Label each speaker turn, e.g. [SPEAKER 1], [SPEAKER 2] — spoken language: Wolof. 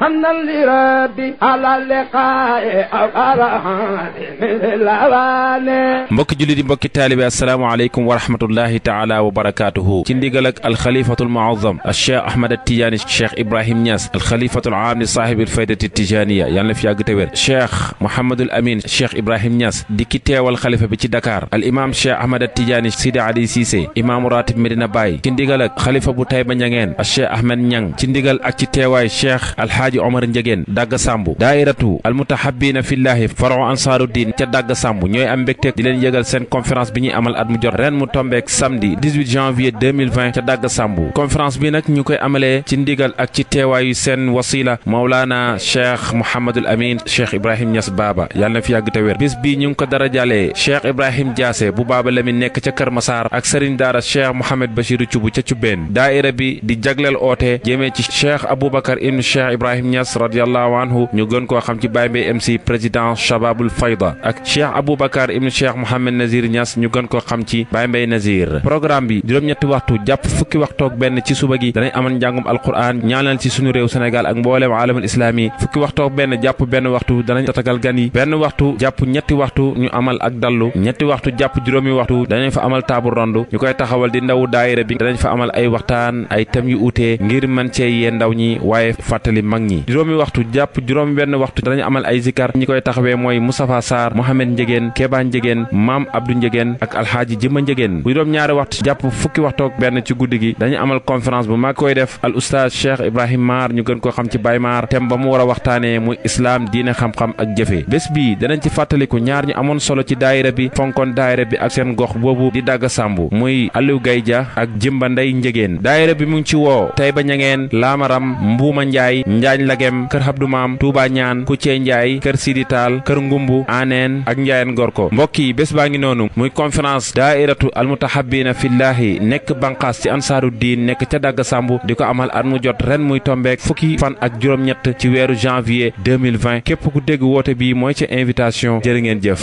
[SPEAKER 1] حمدا لربي على اللقاء أو أرحام mbokki jullit yi mbokki taalibe asalaamaaleykum wa rahmatullahi taala wa barakaatuhu ci ndigal ak alxalifatul muazam cheikh ahmad tijaani cheikh ibrahim Niass alxalifatul aam li saahibil faydati tijaaniya yàlla na fi yàgg te wér cheikh mouhamadul amin cheikh ibrahim Niass di ki teewal xalifa bi ci Dakar al imaam cheikh ahmad tijaani sidi ali Cissé imaamu ratib Medina Baye ci ndigal ak xalifa bu Tayba Ñangeen cheikh ahmed Ñang ci ndigal ak ci teewaay cheikh alxaaji omar njegéen dàgg sàmb daairatu almutahabina fillaahi faro ansaaruddin ca dàgg sàmb ñooy am mbégte di leen yëgal seen conférence bi ñuy amal at mu jot ren mu tombeek samedi 18 janvier 2020 ca dàgg sàmb conférence bi nag ñu koy amalee ci ndigal ak ci teewaayu seen wasila maulana cheikh mouhamadul amin cheikh ibrahim ñas baaba yàlla fi yàgg te wér bis bii ñu ko dara jalee cheikh ibrahim bu baaba la mi nekk ca kër masaar ak sëriñ daara cheikh Ibrahim Niass radiallahu anhu ñu gën xam ci Baye Mbaye MC président Shababul Fayda ak Cheikh Aboubacar ibn Cheikh Mouhamed Nazir Niass ñu gën koo xam ci Baye Mbaye Nazir programme bi juróom-ñetti waxtu jàpp fukki waxtu ak benn ci suba gi danay amal njàngum alquran ñaanal ci sunu réew Sénégal ak mbooleem alamul islami fukki waxtu ak benn jàpp benn waxtu danañ tatagal gan yi benn waxtu jàpp ñetti waxtu ñu amal ak dallu ñetti waxtu jàpp juróomi waxtu danañ fa amal taabu rond ñu koy taxawal di ndaw daayira bi danañ fa amal ay waxtaan ay thèmes yu uute ngir mën cee yee ñi juróomi waxtu jàpp juróom benn waxtu danañu amal ay zikar ñi koy taxawee mooy Moustapha Sarr Mohamed Njegéen Keba Njegéen Maam Abdou Njegéen ak Alxaaji Jëma Njegéen bu juróom ñaari waxtu jàpp fukki waxtu ak benn ci guddi gi dañu amal conférence bu mag koy def al oustaz Cheikh Ibrahim Mar ñu gën koo xam ci Baye Mar thème ba mu war a waxtaanee muy islaam diine xam-xam ak jëfe bés bii danañ ci fàttaliku ñaar ñu amoon solo ci daayira bi fonkoon daayira bi ak seen gox boobu di dagg sàmbu muy Aliou Gaydia ak Jimba Ndey Njegéen daayira bi mu Njaañ Lagem kër Habdu Maam Touba Ñaan Kucce Njaay kër Sidi Taal kër Ngumbu Aneen ak Njaayeen Gorko mbokk yi bés baa ngi noonu muy conférence daairatu almutahabina fillahi nekk banqaas ci ansaaru diin nekk ca dagg samb di ko amal at mu jot ren muy tombeek fukki fan ak juróom-ñett ci weeru janvier 2020 képp ku dégg woote bi mooy ca invitation jërë ngeen jëf